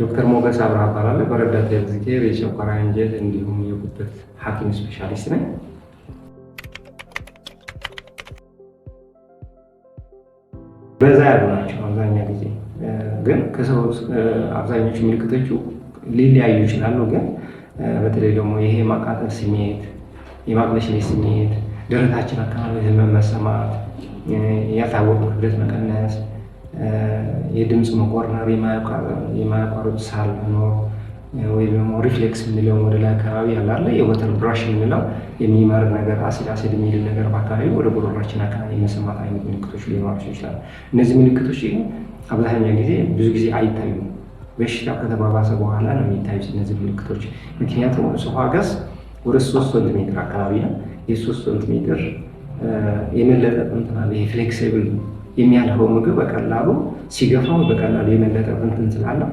ዶክተር ሞገስ አብርሃ እባላለሁ። በረዳት ኤግዚኪቲቭ የጨጓራ አንጀት እንዲሁም የጉበት ሐኪም ስፔሻሊስት ነኝ። በዛ ያሉ ናቸው አብዛኛ ጊዜ ግን ከሰው አብዛኞቹ ምልክቶቹ ሊለያዩ ይችላሉ። ግን በተለይ ደግሞ ይሄ የማቃጠል ስሜት፣ የማቅለሽለሽ ስሜት፣ ደረታችን አካባቢ ህመም መሰማት፣ ያልታወቀ ክብደት መቀነስ የድምፅ መቆርነር የማያቋርጥ ሳል መኖር ወይ ደግሞ ሪፍሌክስ የሚለው ወደ ላይ አካባቢ ያላለ የወተር ብራሽ የምንለው የሚመርር ነገር አሲድ አሲድ የሚል ነገር በአካባቢ ወደ ጉሮሯችን አካባቢ የመሰማት አይነት ምልክቶች ሊኖራቸው ይችላል። እነዚህ ምልክቶች ግን አብዛኛው ጊዜ ብዙ ጊዜ አይታዩም። በሽታው ከተባባሰ በኋላ ነው የሚታዩት እነዚህ ምልክቶች። ምክንያቱም ሶፋገስ ወደ ሶስት ሴንቲሜትር አካባቢ ነው። የሶስት ሴንቲሜትር የመለጠጥ እንትና ፍሌክሲብል የሚያልፈው ምግብ በቀላሉ ሲገፋው በቀላሉ የመለጠብን እንትን ስላለው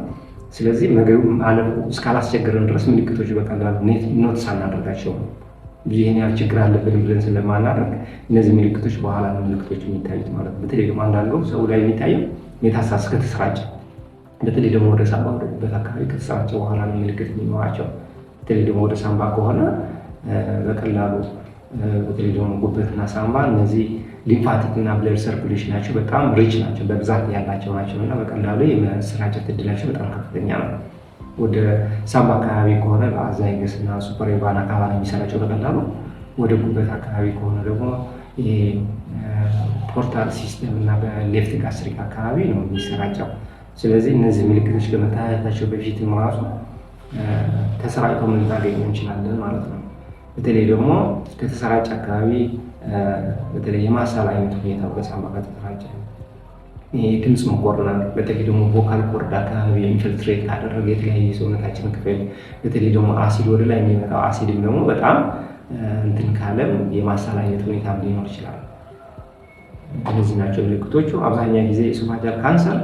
ስለዚህ ምግብ አለፉ እስካላስቸገረን ድረስ ምልክቶች በቀላሉ ኖትስ አናደርጋቸው ይህን ያህል ችግር አለብን ብለን ስለማናደርግ እነዚህ ምልክቶች በኋላ ምልክቶች የሚታዩት ማለት ነው። በተለይ ደግሞ አንዳንዱ ሰው ላይ የሚታየው ሜታስታሲስ ከተሰራጨ በተለይ ደግሞ ወደ ሳምባ ወደበት አካባቢ ከተሰራጨ በኋላ ምልክት የሚኖራቸው በተለይ ደግሞ ወደ ሳምባ ከሆነ በቀላሉ በተለይ ደግሞ ጉበትና ሳምባ እነዚህ ሊምፋቲክ እና ብለድ ናቸው። በጣም ሪች ናቸው፣ በብዛት ያላቸው ናቸው እና በቀላሉ የመሰራጨት እድላቸው በጣም ከፍተኛ ነው። ወደ ሳምባ አካባቢ ከሆነ በአዛይገስ እና ሱፐርቫን አካባቢ የሚሰራጨው በቀላሉ ወደ ጉበት አካባቢ ከሆነ ደግሞ ፖርታል ሲስተም እና በሌፍት ጋስትሪክ አካባቢ ነው የሚሰራጨው። ስለዚህ እነዚህ ምልክቶች ከመታየታቸው በፊት ራሱ ተሰራጭተው ምንታገኘ እንችላለን ማለት ነው። በተለይ ደግሞ ከተሰራጨ አካባቢ በተለይ የማሳል አይነት ሁኔታ በሳምባ ከተሰራጨ ድምፅ መቆርናል በተለይ ደግሞ ቮካል ኮርድ አካባቢ ኢንፊልትሬት ካደረገ የተለያየ የሰውነታችን ክፍል በተለይ ደግሞ አሲድ ወደ ላይ የሚመጣው አሲድም ደግሞ በጣም እንትን ካለም የማሳል አይነት ሁኔታ ሊኖር ይችላል። እነዚህ ናቸው ምልክቶቹ። አብዛኛ ጊዜ የሶፋጃል ካንሰር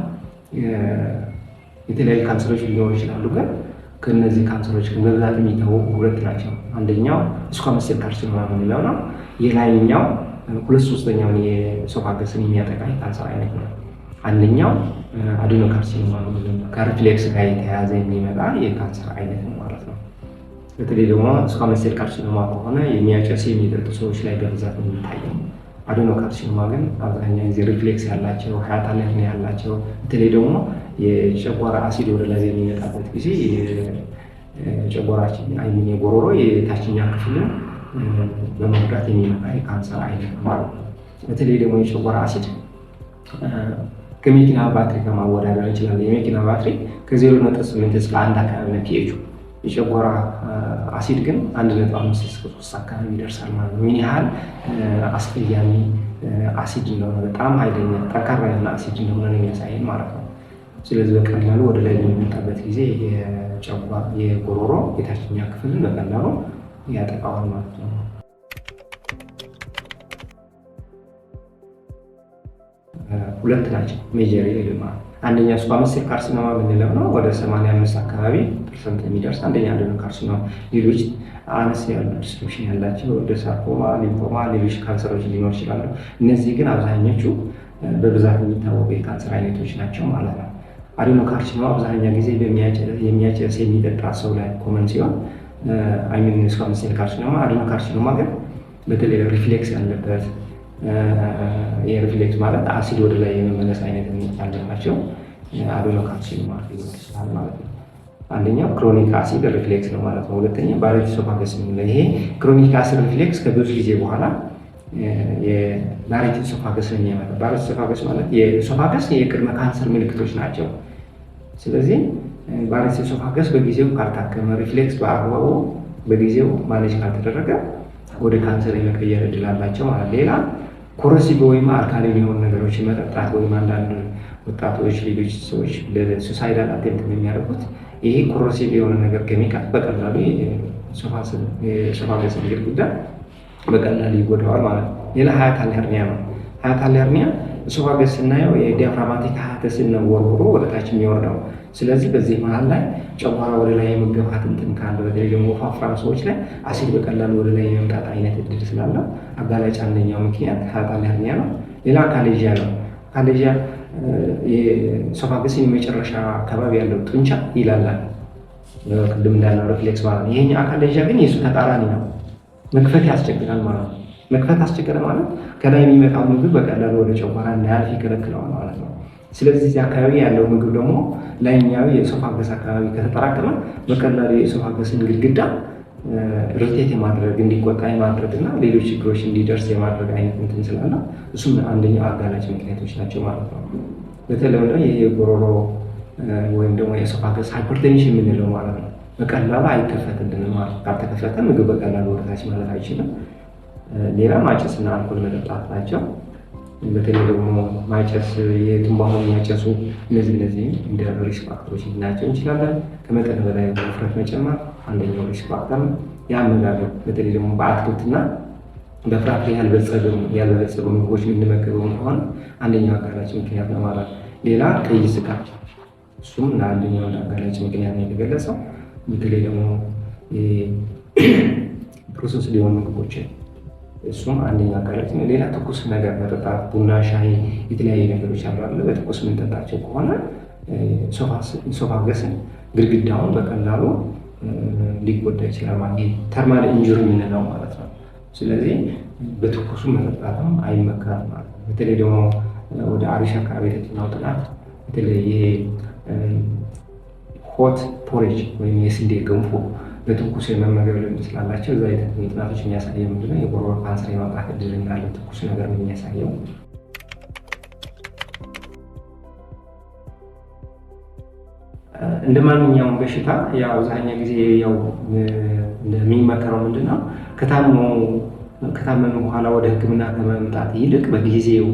የተለያዩ ካንሰሮች ሊኖሩ ይችላሉ ግን ከነዚህ ካንሰሮች ግን በብዛት የሚታወቁ ሁለት ናቸው። አንደኛው ስኳመስ ካርሲኖማ የምንለው ነው። የላይኛው ሁለት ሶስተኛውን የሶፋገስን የሚያጠቃ ካንሰር አይነት ነው። አንደኛው አዲኖ ካርሲኖማ የምንለው ከሪፍሌክስ ጋር የተያያዘ የሚመጣ የካንሰር አይነት ነው ማለት ነው። በተለይ ደግሞ ስኳመስ ካርሲኖማ ከሆነ የሚያጨስ የሚጠጡ ሰዎች ላይ በብዛት የሚታየው አዶኖካርሲኖማ ግን አብዛኛው ጊዜ ሪፍሌክስ ያላቸው ሀያት አለርኒ ያላቸው በተለይ ደግሞ የጨጓራ አሲድ ወደ ላይ የሚመጣበት ጊዜ ጨጓራችን አይሚን የጎሮሮ የታችኛ ክፍልን በመጉዳት የሚመጣ የካንሰር አይነት ማለት ነው። በተለይ ደግሞ የጨጓራ አሲድ ከመኪና ባትሪ ከማወዳደር እንችላለን። የመኪና ባትሪ ከዜሮ ነጥብ ስምንት እስከ አንድ አካባቢ ነው ፒኤቹ የጨጓራ አሲድ ግን አንድ ነጥብ አምስት እስከ ሶስት አካባቢ ይደርሳል ማለት ነው። ምን ያህል አስቀያሚ አሲድ እንደሆነ በጣም ኃይለኛ ጠንካራ ያለ አሲድ እንደሆነ ነው የሚያሳየን ማለት ነው። ስለዚህ በቀላሉ ወደ ላይ በሚመጣበት ጊዜ የጎሮሮ የታችኛ ክፍልን በቀላሉ ያጠቃዋል ማለት ነው። ሁለት ናቸው ሜጀር ኤልማ አንደኛ ስኳመስ ሴል ካርሲኖማ የምንለው ነው። ወደ 85 አካባቢ ፐርሰንት የሚደርስ አንደኛ አድኖ ካርሲኖማ፣ ሌሎች አነስ ያሉ ዲስክሪፕሽን ያላቸው ወደ ሳርኮማ፣ ሊምፎማ፣ ሌሎች ካንሰሮች ሊኖር ይችላሉ። እነዚህ ግን አብዛኞቹ በብዛት የሚታወቁ የካንሰር አይነቶች ናቸው ማለት ነው። አድኖ ካርሲኖማ አብዛኛ ጊዜ የሚያጨስ የሚጠጣ ሰው ላይ ኮመን ሲሆን አይሚን ስኳመስ ሴል ካርሲኖማ፣ አድኖ ካርሲኖማ ግን በተለይ ሪፍሌክስ ያለበት የሪፍሌክስ ማለት አሲድ ወደ ላይ የመመለስ አይነት የሚታለባቸው አዶኖካፕሲል ማለት ሊሆን ይችላል ማለት ነው። አንደኛው ክሮኒክ አሲድ ሪፍሌክስ ነው ማለት ነው። ሁለተኛ ባሬት ሶፋገስ የምንለው ይሄ ክሮኒክ አሲድ ሪፍሌክስ ከብዙ ጊዜ በኋላ የባሬት ኢሶፋገስ ነው የሚያመጣው። ባሬት ሶፋገስ ማለት የሶፋገስ የቅድመ ካንሰር ምልክቶች ናቸው። ስለዚህ ባሬት ሶፋገስ በጊዜው ካልታከመ፣ ሪፍሌክስ በአግባቡ በጊዜው ማኔጅ ካልተደረገ ወደ ካንሰር የመቀየር እድል አላቸው ማለት ሌላ ኮረሲቭ ወይም አልካሊን የሆኑ ነገሮች መጠጣት ወይም አንዳንድ ወጣቶች፣ ሌሎች ሰዎች ለሱሳይዳል አቴምፕት የሚያደርጉት ይሄ ኮረሲቭ የሆነ ነገር ኬሚካል በቀላሉ ሶፋ ገጽ ጉዳይ በቀላሉ ይጎዳዋል ማለት ነው። ሌላ ሃያታል ሄርኒያ ነው። ሃያታል ሄርኒያ ሶፋገስ ስናየው የዲያፍራማቲክ ሀያተስን ነው ወርውሮ ወደታች የሚወርደው ስለዚህ በዚህ መሀል ላይ ጨጓራ ወደ ላይ የመገፋት እንትን ካለ በተለይ ደግሞ ወፋፍራም ሰዎች ላይ አሲድ በቀላሉ ወደ ላይ የመምጣት አይነት እድል ስላለው አጋላጭ አንደኛው ምክንያት ሃጣን ሄርኒያ ነው። ሌላ ካሌጂያ ነው። ካሌጂያ የሶፋግስን የመጨረሻ አካባቢ ያለው ጡንቻ ይላላል። ቅድም እንዳለው ሪፍሌክስ ማለት ነው። ይሄኛው አካሌጂያ ግን የሱ ተቃራኒ ነው። መክፈት ያስቸግራል ማለት ነው። መክፈት አስቸገረ ማለት ከላይ የሚመጣው ምግብ በቀላሉ ወደ ጨጓራ እንዳያልፍ ይከለክለዋል ማለት ነው። ስለዚህ እዚህ አካባቢ ያለው ምግብ ደግሞ ላይኛው የኢሶፋገስ አካባቢ ከተጠራቀመ በቀላሉ የኢሶፋገስን ግድግዳ ርቴት የማድረግ እንዲቆጣ የማድረግ እና ሌሎች ችግሮች እንዲደርስ የማድረግ አይነት እንትን ስላለ እሱም አንደኛው አጋላጭ ምክንያቶች ናቸው ማለት ነው። በተለምዶ ይህ የጎሮሮ ወይም ደግሞ የኢሶፋገስ ሃይፐርቴንሽን የምንለው ማለት ነው በቀላሉ አይከፈትልንም ማለት ካልተከፈተ ምግብ በቀላሉ ወደታች ማለት አይችልም። ሌላ ማጨስና አልኮል መጠጣት ናቸው። በተለይ ደግሞ ማጨስ፣ የትንባሆ የሚያጨሱ እነዚህ እነዚህም እንደ ሪስክ ፋክተሮች ልናቸው እንችላለን። ከመጠን በላይ ውፍረት መጨመር አንደኛው ሪስክ ፋክተር ነው። የአመጋገብ በተለይ ደግሞ በአትክልትና በፍራፍሬ ያልበለጸገ ያልበለጸጉ ምግቦች የምንመገበው ከሆነ አንደኛው አጋላጭ ምክንያት ነው ማለት ነው። ሌላ ቀይ ስጋ እሱም እና አንደኛው አጋላጭ ምክንያት ነው የተገለጸው። በተለይ ደግሞ ፕሮሰስ ሊሆኑ ምግቦችን እሱም አንደኛ አካላት ነው። ሌላ ትኩስ ነገር መጠጣት ቡና፣ ሻይ፣ የተለያዩ ነገሮች አሉ። በትኩስ ምንጠጣቸው ከሆነ ሶፋ ገስን ግድግዳውን በቀላሉ ሊጎዳ ይችላል ማለት ተርማል ኢንጁሪ የምንለው ማለት ነው። ስለዚህ በትኩሱ መጠጣትም አይመከርም ማለት ነው። በተለይ ደግሞ ወደ አሪሽ አካባቢ የተጠናው ጥናት በተለይ ይሄ ሆት ፖሬጅ ወይም የስንዴ ገንፎ በትኩስ የመመገብ ልምድ ስላላቸው እዛ የቴክኒክ ጥናቶች የሚያሳየው ምንድን ነው የጉሮሮ ካንሰር የማምጣት እድል እንዳለ ትኩስ ነገር ነው የሚያሳየው። እንደ ማንኛውም በሽታ ያው አብዛኛው ጊዜ ያው የሚመከረው ምንድን ነው ከታመሙ በኋላ ወደ ሕክምና ከመምጣት ይልቅ በጊዜው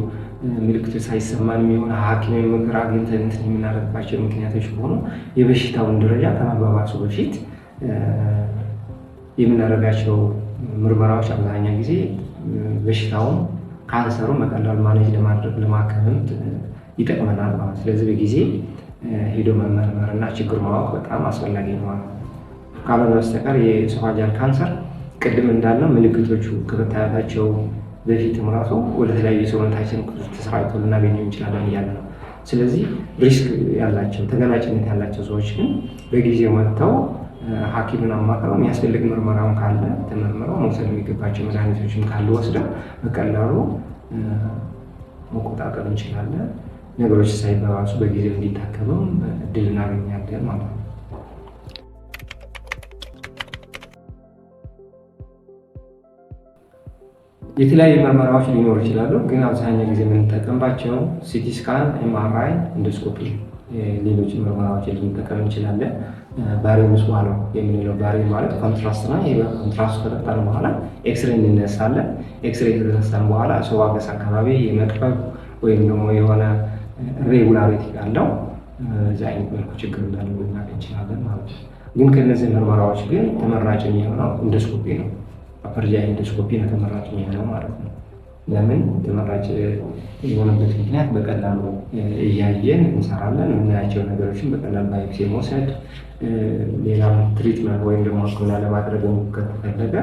ምልክቱ ሳይሰማን የሚሆነ ሐኪም ምክር አግኝተን የምናደርግባቸው ምክንያቶች ከሆኑ የበሽታውን ደረጃ ከመባባሱ በፊት የምናደርጋቸው ምርመራዎች አብዛኛ ጊዜ በሽታውን ካንሰሩን በቀላሉ ማኔጅ ለማድረግ ለማከምም ይጠቅመናል ማለት። ስለዚህ በጊዜ ሄዶ መመርመርና ችግር ማወቅ በጣም አስፈላጊ ነዋል። ካልሆነ በስተቀር የኢሶፋጃል ካንሰር ቅድም እንዳለው ምልክቶቹ ከመታየታቸው በፊትም ራሱ ወደ ተለያዩ የሰውነታችን ክፍል ተሰራጭቶ ልናገኘው እንችላለን እያለ ነው። ስለዚህ ሪስክ ያላቸው ተገላጭነት ያላቸው ሰዎች ግን በጊዜው መጥተው ሐኪምን አማክረው የሚያስፈልግ ምርመራውን ካለ ተመርምረው መውሰድ የሚገባቸው መድኃኒቶችን ካሉ ወስደው በቀላሉ መቆጣጠር እንችላለን። ነገሮች ሳይበባሱ በጊዜው እንዲታከምም እድል እናገኛለን ማለት ነው። የተለያዩ ምርመራዎች ሊኖሩ ይችላሉ፣ ግን አብዛኛው ጊዜ የምንጠቀምባቸው ሲቲ ስካን፣ ኤምአርአይ፣ ኢንዶስኮፒ፣ ሌሎች ምርመራዎች ልንጠቀም እንችላለን። ባሬውን ውስጥ ነው የምንለው ባሬ ማለት ኮንትራስት ና ኮንትራስት ከጠጣን በኋላ ኤክስሬ እንነሳለን። ኤክስሬ ከተነሳን በኋላ ሶባገስ አካባቢ የመጥበብ ወይም ደግሞ የሆነ ሬጉላሪቲ ያለው እዚ አይነት መልኩ ችግር እንዳለ ልናቅ እንችላለን ማለት ነው። ግን ከነዚህ ምርመራዎች ግን ተመራጭ የሚሆነው ኢንዶስኮፒ ነው። አፐርጂያ ኢንዶስኮፒ ነው ተመራጭ የሚሆነው ማለት ነው። ለምን ተመራጭ የሆነበት ምክንያት በቀላሉ እያየን እንሰራለን። የምናያቸው ነገሮችን በቀላሉ ባይፕሲ መውሰድ፣ ሌላም ትሪትመንት ወይም ደግሞ ሕክምና ለማድረግ ከተፈለገ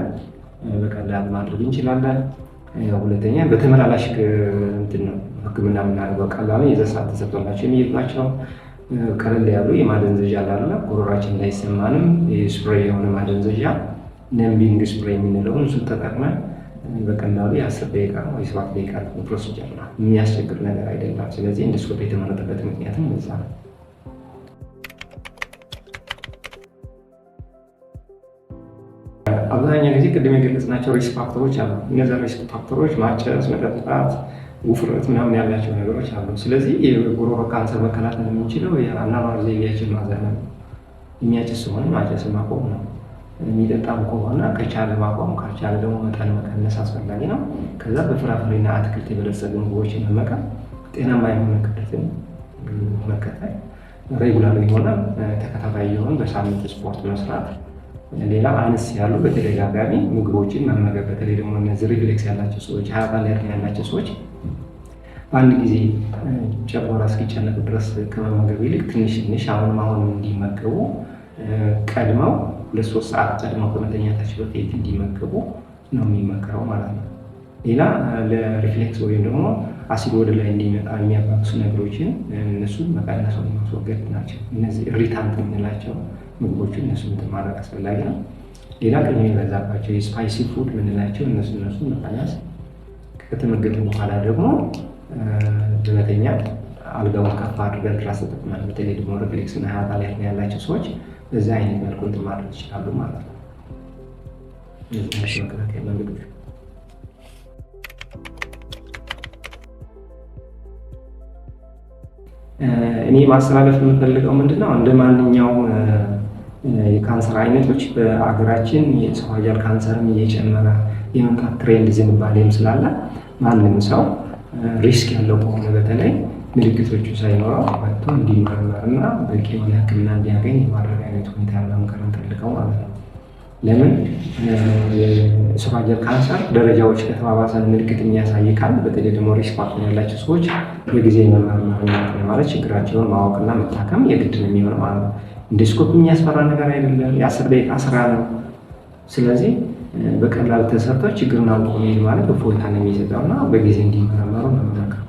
በቀላሉ ማድረግ እንችላለን። ሁለተኛ በተመላላሽ እንትን ነው ሕክምና የምናደርገው ቀላሉ የዘሳት ተሰጥቶላቸው የሚሄዱ ናቸው። ቀለል ያሉ የማደንዘዣ ላለ ጉሮሯችን እንዳይሰማንም ስፕሬይ የሆነ ማደንዘዣ ነምቢንግ ስፕሬይ የምንለውን እሱ ተጠቅመን በቀላሉ የአስር ደቂቃ ነው ወይ ሰባት ደቂቃ ፕሮሲጀር ነው። የሚያስቸግር ነገር አይደለም። ስለዚህ ኢንዶስኮፕ የተመረጠበት ምክንያትም በዛ ነው። አብዛኛው ጊዜ ቅድም የገለጽናቸው ሪስክ ፋክተሮች አሉ። እነዚ ሪስክ ፋክተሮች ማጨስ፣ መጠጣት፣ ውፍረት ምናምን ያላቸው ነገሮች አሉ። ስለዚህ የጉሮሮ ካንሰር መከላከል የምንችለው የአኗኗር ዘይቤያችን ማዘመን፣ የሚያጨስ ሆነ ማጨስ ማቆም ነው። የሚጠጣም ከሆነ ከቻለ ማቆም ካልቻለ ደግሞ መጠን መቀነስ አስፈላጊ ነው። ከዛ በፍራፍሬና አትክልት የበለጸጉ ምግቦችን መመቀም፣ ጤናማ የሆነ ክብደትን መከተል፣ ሬጉላር የሆነ ተከታታይ የሆን በሳምንት ስፖርት መስራት፣ ሌላ አነስ ያሉ በተደጋጋሚ ምግቦችን መመገብ። በተለይ ደግሞ እነዚህ ሪፍሌክስ ያላቸው ሰዎች ሀያባል ያላቸው ሰዎች በአንድ ጊዜ ጨጓራ እስኪጨነቅ ድረስ ከመመገብ ይልቅ ትንሽ ትንሽ አሁንም አሁንም እንዲመገቡ ቀድመው ሁለት ሶስት ሰዓት ቀድመው ከመተኛታቸው በፊት እንዲመገቡ ነው የሚመከረው ማለት ነው። ሌላ ለሪፍሌክስ ወይም ደግሞ አሲድ ወደ ላይ እንዲመጣ የሚያባብሱ ነገሮችን እነሱን መቀነስ ማስወገድ ናቸው። እነዚህ ሪታንት የምንላቸው ምግቦችን እነሱ ማድረግ አስፈላጊ ነው። ሌላ ቅድሚ የበዛባቸው የስፓይሲ ፉድ የምንላቸው እነሱ እነሱ መቀነስ ከተመገቡ በኋላ ደግሞ በመተኛ አልጋውን ከፍ አድርገን ትራስ ተጠቅመን በተለይ ደግሞ ሪፍሌክስ እና ሀያታ ላይ ያላቸው ሰዎች በዚህ አይነት መልኩ እንትን ማድረግ ይችላሉ ማለት ነው። እኔ ማስተላለፍ የምፈልገው ምንድነው እንደ ማንኛውም የካንሰር አይነቶች በአገራችን የእንስሳት ካንሰርም እየጨመረ የመምጣት ትሬንድ ዝንባሌም ስላለ ማንም ሰው ሪስክ ያለው ከሆነ በተለይ ምልክቶቹ ሳይኖረው መጥቶ እንዲመረመር እና በቂ የሆነ ሕክምና እንዲያገኝ የማድረግ አይነት ሁኔታ ለመምከር እንፈልገው ማለት ነው። ለምን የኢሶፋጀል ካንሰር ደረጃዎች ከተባባሰ ምልክት የሚያሳይ ካል በተለይ ደግሞ ሪስክ ፋክተር ያላቸው ሰዎች በጊዜ መመርመርና ማለት ችግራቸውን ማወቅና መታከም የግድ ነው የሚሆን ማለት ነው። እንደ ስኮፕ የሚያስፈራ ነገር አይደለም። የአስር ደቂቃ ስራ ነው። ስለዚህ በቀላል ተሰርተው ችግርን አውቆ መሄድ ማለት የሚሰጠው የሚሰጠውና በጊዜ እንዲመረመሩ ነው መመከር